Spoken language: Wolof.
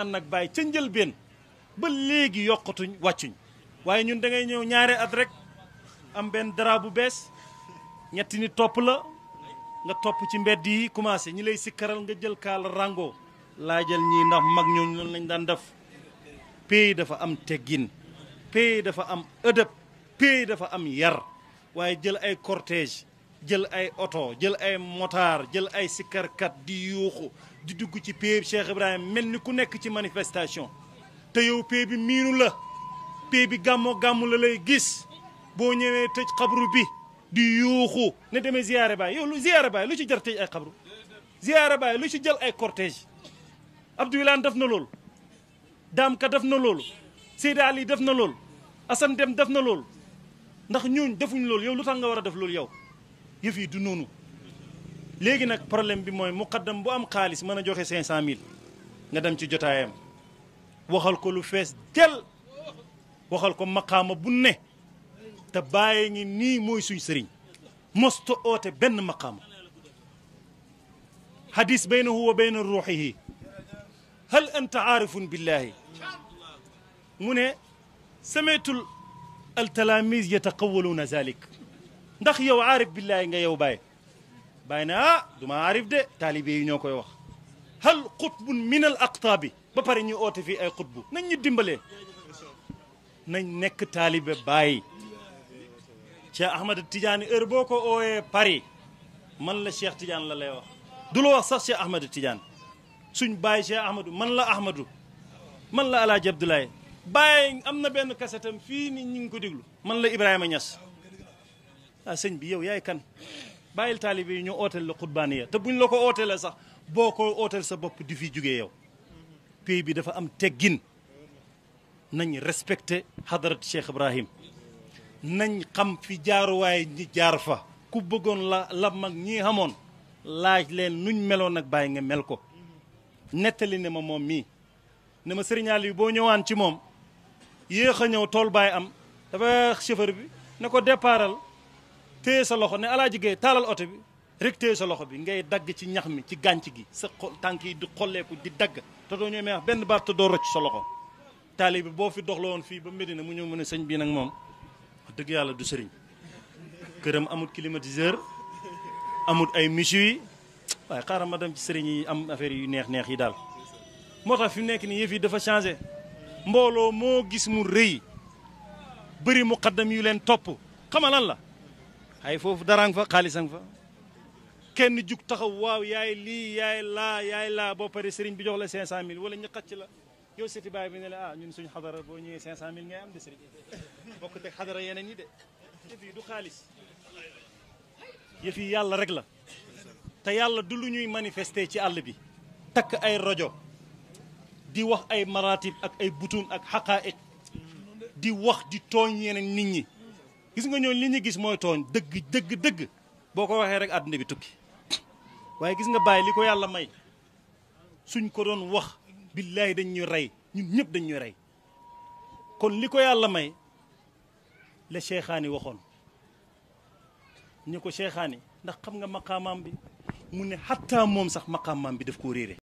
ànd ak bàyyi ca njëlbeen ba léegi yokkatuñ wàccuñ waaye ñun da ngay ñëw ñaare at rek am benn dara bu bees ñetti ni topp la nga topp ci mbedd yi commencé ñi lay sikkaral nga jël kaal rango laajal ñii ndax mag ñooñu loolu lañ daan def pay dafa am teggin pay dafa am ëdëb pay dafa am yar waaye jël ay cortège jël ay oto jël ay motaar jël ay sikkarkat di yuuxu di dugg ci pee bi Cheikh mel ni ku nekk ci manifestation te yow pee bi miinu la pee bi gàmmoo gàmmu la lay gis boo ñëwee tëj xabru bi di yuuxu ne demee ziyaare baay yow lu ziyaare baay lu ci jar ay xabru ziyaare baay lu ci jël ay cortège Abdou Wilane def na loolu Daam Ka def na loolu Seydi Ali def na loolu Assane Dem def na loolu ndax ñooñ defuñ loolu yow lu tax nga war a def loolu yow yëf yi du noonu léegi nag problème bi mooy muqaddam bu am xaalis mën a joxe 500000 nga dem ci jotaayam waxal ko lu fees del waxal ko maqaama bu ne te bàyyi ngi nii mooy suñ sëriñ mosta oote benn maqaama hadis baynahu wa bayna ruuxihi hal anta aarifun billahi mu ne sameetul al talaamis yataqawaluuna zalik ndax yow aarif billahi nga yow Baye bayna duma ah de taalibe yi ñoo wax hal qutbun min al aqtab ba pare ñu oté fi ay qutbu nañ ñu dimbalé nañ nek talibé Baye ci ahmed Tidiane heure boko oé ooyee Paris man la Cheikh Tidiane la lay wax du lo wax sax Cheikh ahmed Tidiane suñ Baye Cheikh ahmed man la Ahmadou man la Alaaji Abdoulaye Baye amna ben cassette fi ni ñing ko diglu man la Ibrahima Niass ah bi yow yaay kan bàyyil taalibe yi ñu ooteel la xutbaaniya te buñ la ko ooteel sax boo ko ooteel sa bopp di fi jugee yow pays bi dafa am teggin nañ respecté xadarat Cheikh Ibrahim nañ xam fi jaaruwaay ñi jaar fa ku bëggoon la la mag ñii xamoon laaj leen nuñ meloon ak bàyyi nga mel ko nettali ne ma moom mii ne ma sëriñ boo ñëwaan ci moom yéex a ñëw tool baay am dafa chauffeur bi ne ko départal téye sa loxo ne alaaji Gaye taalal oto bi rek téye sa loxo bi ngay dagg ci ñax mi ci gànc gi sa xol tànk yi du xolleeku di dagg te doo ñëw wax benn baat te doo rocc sa loxo taali bi boo fi doxla woon fii ba Medina mu ñëw mu ne sëñ bii nag moom dëgg yàlla du sëriñ këram amul climatiseur amul ay michu yi waaye xaaral ma dem ci sëriñ yi am affaire yu neex neex yi daal moo tax fi mu nekk nii yëf yi dafa changé mbooloo moo gis mu rëy bëri muqaddam yu leen topp xama lan la أي فوف دران فا خالص فا كن جوك تخو واو ياي لي ياي لا ياي لا بو بري سيرين بي جوخ لا ولا ني خاتلا يو سيتي باي بي اه نون سوني حضره بو ني 500000 ngay am de حضره يناني دي دي دو خالص يفي يالا رك لا تا يالا دو لو ني مانيفيستي تي الله تك اي رجو دي واخ اي مراتب اك اي بوتون اك حقائق دي واخ دي توغ يناني نيت gis nga ñooñu li ñu gis mooy tooñ dëgg dëgg dëgg boo ko waxee rek àdduna bi tukki waaye gis nga bàyyi li ko yàlla may suñ ko doon wax billaahi dañ ñu rey ñun ñëpp dañu rey kon li ko yàlla may la Cheikhaani waxoon ñu ko seexaani ndax xam nga maqaamaam bi mu ne xattaa moom sax maqaamaam bi daf koo réere